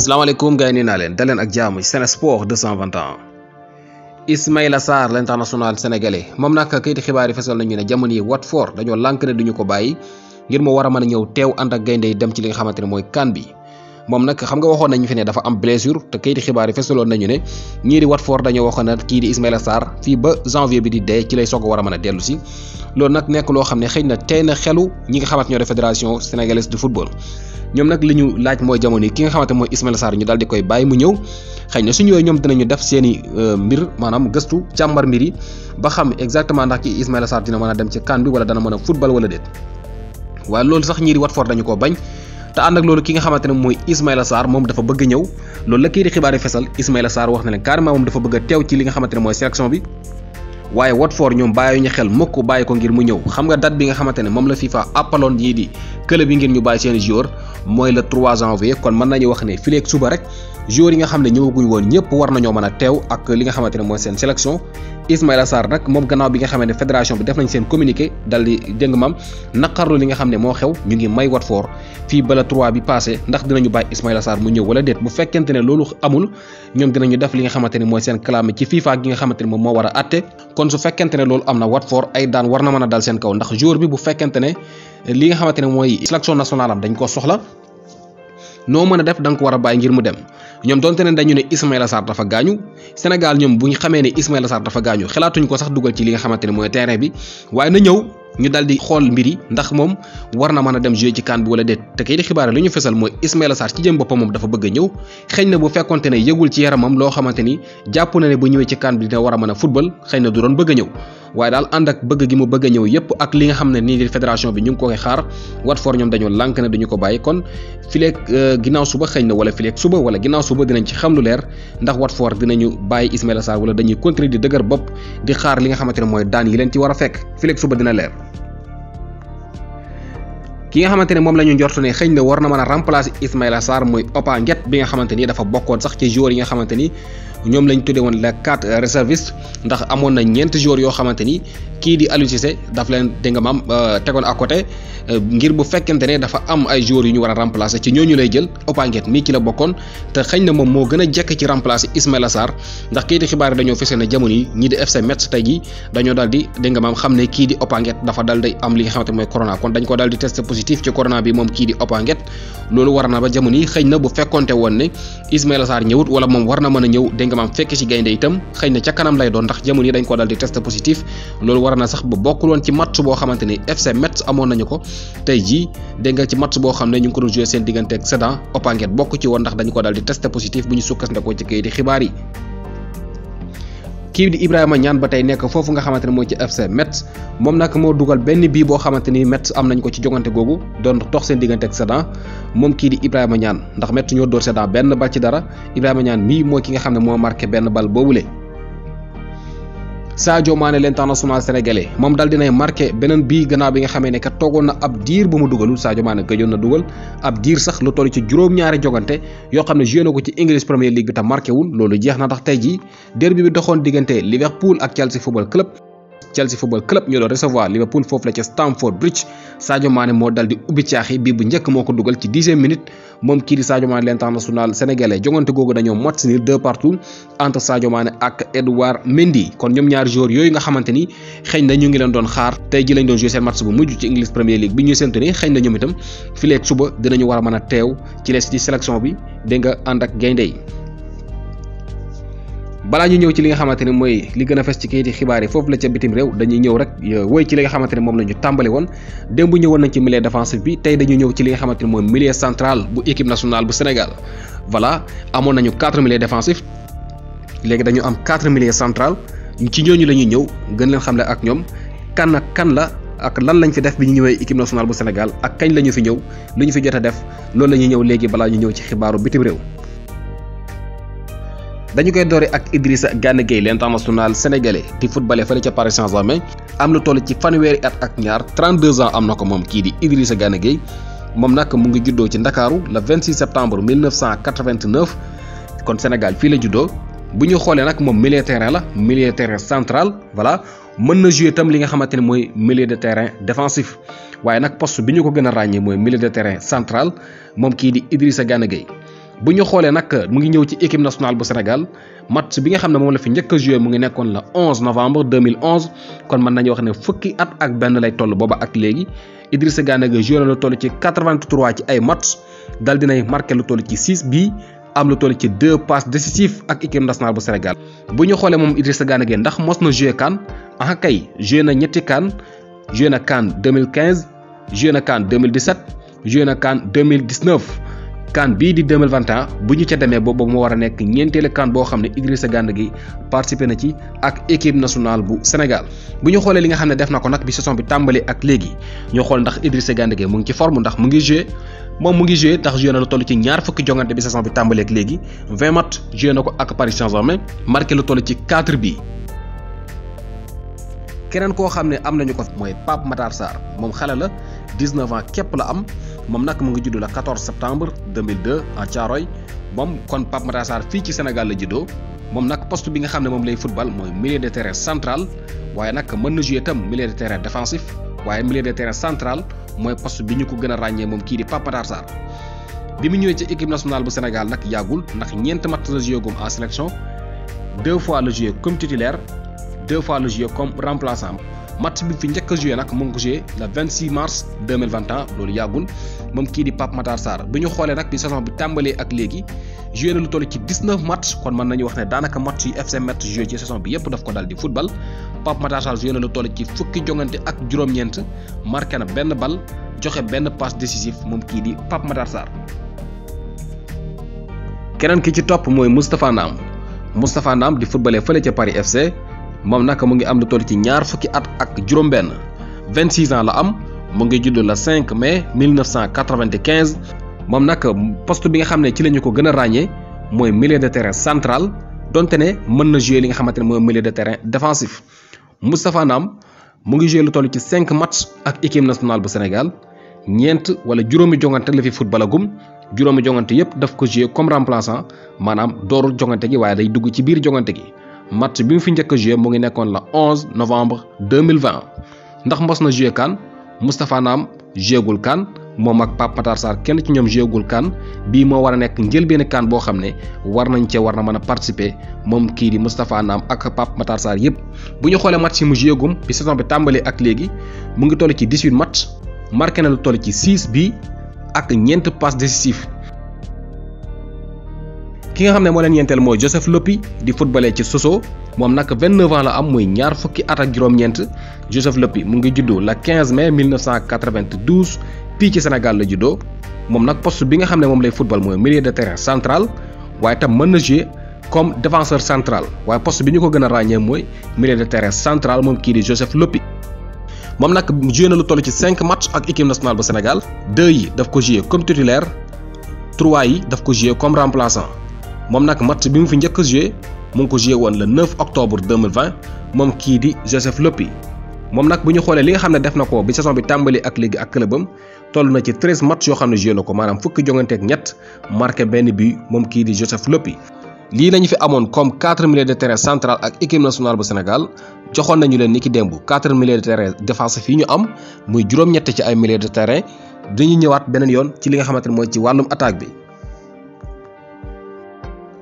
salaamaaleykum gars yi naa leen daleen ak jaamu Sen Sport 221 Ismaïla Sarr l'international sénégalais moom na kayiti xibaar yi fesal nañu ne jamono yi Watford dañoo lànk ne duñu ko bàyyi ngir mu war a mën a ñëw teew ànd ak gaynde yi dem ci li nga xamante ne mooy CAN bi moom nag xam nga waxoon nañu fi ne dafa am blessure te kayiti xibaar yi fesaloon nañu ne ñii di Watford dañoo waxoon na kii di Ismaïla Sarr fii ba janvier bi di dee ci lay soog a war a mën a dellu si loolu nag nekk loo xam ne xëy na tey na xelu ñi nga xamat ñoo de fédération sénégalaise de football ñoom nag li ñu laaj mooy jamono yi ki nga xamante mooy Ismaïla saar ñu daal di koy bàyyi mu ñëw xëy na suñu yooyu ñoom dinañu def seeni euh, mbir maanaam gëstu càmbar mbir yi ba xam exactement ndax ki Ismaïla Sarr dina mën a dem ci kan wala dana mën a football wala déet waaye loolu sax ñii di dañu ko bañ te ànd ak loolu ki nga xamante ne mooy Ismaïla Sarr moom dafa bëgg a ñëw loolu la kii di xibaar yi fesal Ismaïla Sarr wax na leen carrément moom dafa bëgg a teew ci li nga xamante ne mooy sélection bi waaye Watford ñoom bàyyi ñu xel mukk bàyyi ko ngir mu ñëw xam nga date bi nga xamante ne moom la FIFA appaloon yii di club yi ngir ñu bàyyi seen joueur mooy le 3 janvier kon mën nañu wax ne fileeg suba rek joueur yi nga xam ne ñëwaguñ woon ñëpp war nañoo mën a teew ak li nga xamante ne mooy seen sélection Ismaïla Sarr nak mom gannaaw bi nga xamné fédération bi def nañ seen communiqué dal di deng mam nakarlu li nga xamné mo xew ñu ngi may for fi bala 3 bi passé ndax dinañu bay Ismaïla Sarr mu ñëw wala det bu fekkente ne lolu amul ñom dinañu def li nga xamante ni moy seen clamé ci FIFA gi nga xamante ne mo wara atte kon su fekkente ne lolu amna wat for ay daan war na dal seen kaw ndax jour bi bu fekkente ne li nga xamante ne sélection nationale am dañ ko soxla noo mën a def da ko war a bàyyi ngir mu dem ñoom donte ne dañu ne Ismaïla Sarr dafa gaañu Sénégal ñoom bu ñu xamee ne Ismaïla Sarr dafa gaañu xalaatuñ ko sax dugal ci li nga xamante ne mooy terrain bi waaye na ñëw ñu daal di xool mbir yi ndax moom war na mën a dem jouer ci CAN bi wala déet te di xibaar li ñu fesal mooy Ismaïla Sarr ci jëm boppam moom dafa bëgg a ñëw xëy na bu ne yëgul ci yaramam loo xamante ni jàpp na ne bu ñëwee ci CAN bi war a mën xëy na du doon bëgg a ñëw waaye ak bëgg gi mu bëgg ñëw yépp ak li nga xam ne nii di bi ñu ngi ko koy xaar Watford ñoom dañoo lànk ne duñu ko bàyyi kon fileeg euh, ginnaaw suba xëy na wala fileeg suba wala ginnaaw suba dinañ ci xam lu leer ndax Watford dinañu bàyyi Ismaïla Sarr wala dañuy continuer di dëgër bopp di xaar li nga xamante ne mooy daan yi leen ci war a fekk fileeg suba dina leer ki nga xamante ne moom la ñu njortu ne xëñ na war na mën a remplacer Ismaïla Sarr mooy Opa Nguette bi nga xamante ni dafa bokkoon sax ci joueur yi nga xamante ni ñom lañ tuddee won les quatre réservistes ndax amon na ñent jour yo xamanteni ki di Aliou Cissé daf leen dégg nga maam euh, à côté euh, ngir bu fekkenté né dafa am ay jour yu ñu wara remplacer ci ñoñu lay jël Opaguet mi ci la bokkon té xëy na moom moo gën a jekk ci remplacer Ismaïla Sarr ndax kii di xibaar dañu fessé ne jamono yi di FC Metz tay dañu daldi nga ne di dafa daldi am li nga moy corona kon dañ ko daldi test positif ci corona bi mom ki di Opaguet lolu warna ba jamono yi na bu fekkonté won ne Ismaïla Sarr ñewut wala mom war mëna ñew nga maam fekke ci gaynde itam xëy na ca kanam lay doon ndax jamono yi dañ ko dal di test positif loolu war na sax ba bokkul woon ci match boo xamante ni FC Metz amoon nañu ko tey ji dégg ci match boo xam ne ñu ngi ko doon joué seen diggante ak Sedan Opanguet bokk ci woon ndax dañu ko dal test positif bu ñu sukkandikoo ci kayiti xibaar yi ki di Ibrahima ñaan ba tey nekk foofu nga xamante ne ci FC Metz moom nag moo dugal benn bii boo xamante ni Metz am nañ ko ci jongante googu doon dox seen diggante ak Sedan moom kii di Ibrahima ñaan ndax Metz ñoo door Sedan benn bal ci dara Ibrahima ñaan mii mooy ki nga xam ne moo marqué benn bal boobule Sadio Mané l'international sénégalais moom daal dinay marqué beneen bii gannaaw bi nga xamee ne kat toogoon na ab diir bu mu dugalul Sadio Mané gëjoon na dugal ab diir sax lu toll ci juróom-ñaari jogante yoo xam ne joué na ko ci English Premier League bi te marqué wul loolu jeex na tax tey jii derby bi doxoon diggante Liverpool ak Chelsea Football Club. Chelsea Football Club ñoo doon recevoir Liverpool foofu la ca Stamford Bridge Sadio Mané moo dal di ubbi caaxi bii bu njëkk moo ko dugal ci dixième minute moom kii di Sadio Mané l'international sénégalais jongante googu dañoo match nul deux partout entre Sadio Mané ak Edouard Mendy kon ñoom ñaari joueurs yooyu nga xamante ni xëy na ñu ngi leen doon xaar tey ji lañ doon joué seen match bu mujj ci English Premier League bi ñuy séntu ni xëy na ñoom itam fileeg suba dinañu war a mën a teew ci les ci bi dégg nga ànd ak gaynde balaa ñu ñëw ci li nga xamante ne mooy li gën a fes ci kayiti xibaar yi foofu la ca bitim réew dañuy ñëw rek euh, woy ci li nga xamante ne moom lañu tàmbali woon démb ñëwoon nañ ci milieu défensif bi tey dañu ñëw ci li nga xamante ne mooy milieu central bu équipe nationale bu Sénégal voilà amoon nañu quatre milieux défensif léegi dañu am quatre milieux centrale ci ñooñu la ñuy ñëw gën leen xamle ak ñoom kan ak kan la ak lan lañ fi def bi ñu ñëwee équipe nationale bu Sénégal ak kañ la fi ñëw lu ñu fi jot def loolu la ñuy ñëw léegi balaa ñu ñëw ci xibaaru bitim réew dañu koy doore ak Idrissa Gana Gueye l'international sénégalais di footballeur fële ca Paris Saint-Germain am lu toll ci fanweeri at ak ñaar 32 am na ko moom kii di Idrissa Gana Gueye moom nag mu ngi juddoo ci Ndakaaru le 26 septembre 1989 kon Sénégal fii la juddoo bu ñu xoolee nag moom milieu terrain la milieu terrain central voilà mën na jouer li nga xamante ne mooy milieu de terrain défensif waaye nag post bi ñu ko gën a ràññee mooy milieu de terrain central moom kii di Idrissa Gana Gueye bu ñu xoolee nag mu ngi ñëw ci équipe nationale bu Sénégal match bi nga xam ne moom la fi njëkk a mu ngi nekkoon la 11 novembre 2011 kon mën nañu wax ne fukki at ak benn lay toll booba ak léegi Idrissa Gana Gueye joué na lu toll ci 83 ci ay match dal dinay marqué lu toll ci 6 bi am lu toll ci deux passes décisives ak équipe nationale bu Sénégal bu ñu xoolee moom Idrissa Gana Gueye ndax mos na joué CAN ah kay joué na ñetti CAN joué na CAN 2015 joué na CAN 2017 joué na kan bii di 2021 bu ñu ca demee boobu moo war a nekk ñeenteelu kan boo xam ne Idrissa Gana Gueye participé na ci ak équipe nationale bu Sénégal bu ñu xoolee li nga xam ne def na ko nag bi saison bi tàmbali ak léegi ñoo xool ndax Idrissa Gana Gueye mu ngi ci forme ndax mu ngi joué moom mu ngi joué ndax joué na lu toll ci ñaar fukki jongante bi bi tàmbali ak léegi 20 match joué na ko ak Paris Saint-Germain marqué lu toll ci 4 bi keneen koo xam ne am nañu ko mooy Pape Matar Sarr moom xale la 19 ans képp la am. moom nag mu ngi judd la 14 septembre 2002 à Thiaroye moom kon Pape Matar Sarr fii ci Sénégal la juddoo moom nag post bi nga xam ne moom lay football mooy milieu de terrain central waaye nag mën na jouer itam milieu de terrain défensif waaye milieu de terrain central mooy poste bi ñu ko gën a ràññee moom kii di Pape Matar Sarr bi mu ñëwee ci équipe nationale bu Sénégal nag yàggul ndax ñeent match la joué gum en sélection deux fois la joué comme titulaire deux fois la joué comme remplaçant match bi fi ñëk a nak mo mu ngi ko joué le 26 mars 2021 loolu yàggul mom ki di Pape Matar Sar bi xolé nak bi saison bi tambalé ak légui joué na lu tollu ci 19 matchs kon mën nañu wax né danaka match yi FC Metz joué ci saison bi yépp daf ko daldi football Pape Matar Sar joué na lu tollu ci fukki jongante ak juroom ñent marqué na benn bal joxé benn passe décisif mom ki di Pape Matar Sar kenen ki ci top moy Moustapha Naam Moustapha Naam di footballé fële ci Paris FC. moom naka mu ngi am lu toll ci ñaar fukki at ak juróom-benn 26 ans la am mu ngi judd la 5 mai 1995 moom nag poste bi nga xam ne ci la ñu ko gën a ràññee mooy milieu de terrain central donte ne mën na jouer li nga xamante ne mooy milieu de terrain défensif Moustapha Nam mu ngi jouer lu toll ci 5 match ak équipe nationale bu Sénégal ñeent wala juróomi jongante la fi footballagum juróomi jongante yëpp daf ko jouer comme remplaçant maanaam dooru jongante gi waaye day dugg ci biir jongante gi. match bi mu fi njëkk a joué mu ngi nekkoon la 11 novembre 2020 ndax mos na joué kan Moustapha Naam joué gul kan moom ak Pape Matar Sarr kenn ci ñoom joué gul kan bii moo war a nekk njëlbéenu kan boo xam ne war nañ cee war na mën a participer moom kii di Mustapha Nam ak Pape Matar Sarr yëpp. bu ñu xoolee match yi mu joué gum bi saison bi tàmbalee ak léegi mu ngi toll ci 18 match marqué na lu toll ci 6 bi ak ñeent passe décisif. ki nga xam ne moo leen ñeenteel mooy Joseph Lopi di footballé ci Soso moom nag 29 ans la am muy ñaar fukki at ak juróom-ñeent Joseph Lopi mu ngi juddoo la 15 mai 1992 fii ci Sénégal la juddoo moom nag post bi nga xam ne moom lay football mooy milieu de terrain central waaye tam mën na jouer comme défenseur central waaye poste bi ñu ko gën a ràññee mooy milieu de terrain central moom kii di Joseph Lopi. moom nag joué na lu toll ci 5 match ak équipe nationale bu Sénégal 2 yi daf ko joué comme titulaire 3 yi daf ko joué comme remplaçant. moom nag match bi mu fi njëkk a joué mu ngi ko joué woon le 9 octobre 2020 moom kii di Joseph Lopy moom nag bu ñu xoolee li nga xam ne def na ko bi saison bi tàmbali ak léegi ak clubam toll na ci 13 yoo xam ne joué na ko maanaam fukki jongante ak ñett marqué benn bi moom kii di Joseph Lopy. lii la ñu fi amoon comme 4 milieux de terrain central ak équipe nationale bu Sénégal joxoon nañu leen ni ki démb 4 milieux de terrain défensif yi ñu am muy juróom-ñett ci ay milieux de terrain dañu ñëwaat beneen yoon li nga xamante ne mooy ci wàllum attaque bi.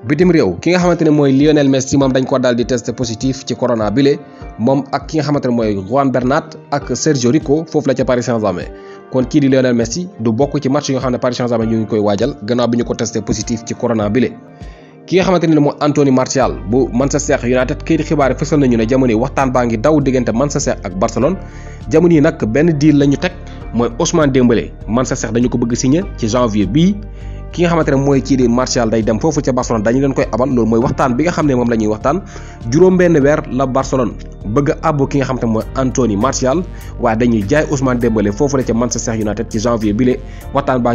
bitim réew ki nga xamante ne mooy Lionel Messi moom dañ ko daal di test positif ci corona bile moom ak ki nga xamante ne mooy Juan Bernat ak Sergio Rico foofu la ca Paris saint kon kii di Lionel Messi du bokk ci match yi nga xam ne Paris Saint-Germain ngi koy waajal gannaaw bi ñu ko testé positif ci corona bile. ki nga xamante ne mooy Anthony Martial bu Manchester United kayit xibaar yi fësal nañu ne jamono waxtaan baa ngi daw diggante Manchester ak Barcelone jamono yi nag benn deal la ñu teg mooy Ousmane Dembélé Manchester dañu ko bëgg signé ci janvier bii. ki nga xamante ne mooy kii di Martial day dem foofu ca Barcelone dañu leen koy abal loolu mooy waxtaan bi nga xam ne moom la ñuy waxtaan juróom-benn weer la Barcelone bëgg a ki nga xamante dañuy jaay Ousmane Dembélé foofu la ca Manchester United ci janvier bi le waxtaan baa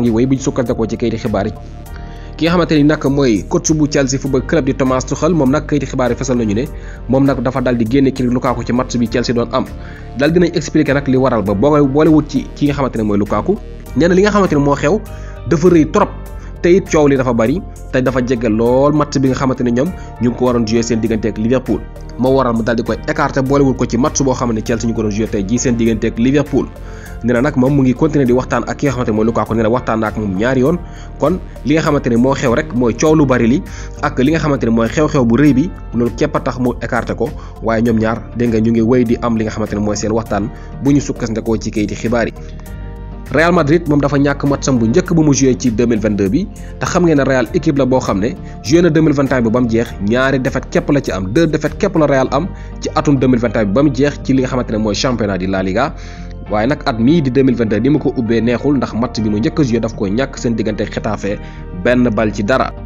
ni nag mooy coach bu Chelsea football club di Thomas Tuchel moom nag kayiti xibaar yi fesal nañu ne moom nag dafa dal di génne kii Lukaku ci match bi Chelsea doon am dal dinañ expliqué nag li waral ba boole wut ci ki nga xamante ne mooy Lukaku nee na li nga xamante ne moo xew dafa rëy trop te it coow li dafa bari te dafa jege lool match bi nga xamante ne ñoom ñu ngi ko waroon jouer seen diggante ak Liverpool moo waral mu daal di koy écarter boolewul ko ci match boo xam ne Chelsea ñu ko doon jouer tey jii seen diggante ak Liverpool nee nag moom mu ngi continuer di waxtaan ak ki nga xamante ne mooy Lukaku nee na waxtaan na ak moom ñaari yoon kon li nga xamante ne moo xew rek mooy coow lu bari li ak li nga xamante ne mooy xew-xew bu rëy bi loolu képp a tax mu écarter ko waaye ñoom ñaar dégg nga ñu ngi wéy di am li nga xamante ne mooy seen waxtaan bu ñu sukkandikoo ci kayiti xibaar yi Real Madrid moom dafa ñàkk matcham bu njëkk bu mu joué ci 2022 bi te xam ngeen ne Real équipe la boo xam ne joué na bi ba mu jeex ñaari défaite képp la ci am deux défaite képp la Real am ci atum bi ba mu jeex ci li nga xamante ne mooy championnat di La Liga. waaye nag at mii di 2022 ni mu ko ubbee neexul ndax match bi mu njëkk a joué ko ñàkk seen diggante Xetafe benn bal ci dara.